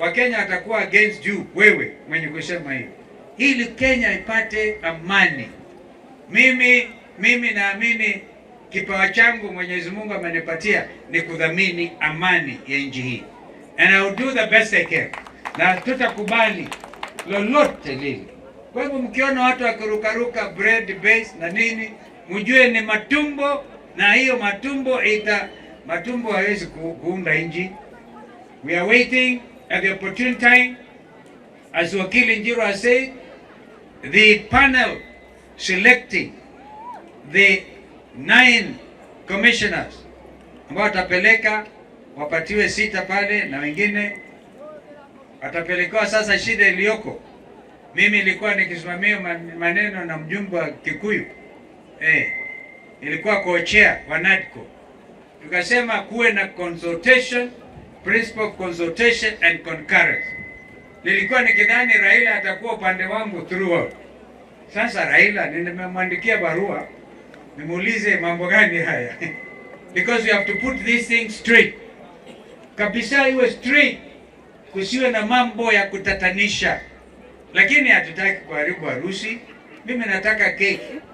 Wakenya watakuwa against you wewe mwenye kusema hiyo, ili Kenya ipate amani. Mimi mimi naamini kipawa changu Mwenyezi Mungu amenipatia ni kudhamini amani ya nchi hii, and I will do the best I can, na tutakubali lolote lile. Kwa hivyo mkiona watu wakirukaruka bread base na nini, mjue ni matumbo, na hiyo matumbo ita matumbo hawezi kuunda nchi. We are waiting At the opportune time, as Wakili Njiro has said, the panel selecting the nine commissioners ambao watapeleka wapatiwe sita pale na wengine watapelekewa. Sasa shida iliyoko, mimi ilikuwa nikisimamia maneno na mjumbe wa Kikuyu eh, ilikuwa kochea wa NADCO, tukasema kuwe na consultation principle of consultation and concurrence. Nilikuwa nikidhani Raila atakuwa upande wangu throughout. Sasa Raila nimemwandikia barua nimuulize mambo gani haya because we have to put these things straight kabisa, iwe straight, kusiwe na mambo ya kutatanisha, lakini hatutaki kuharibu harusi. Mimi nataka keki.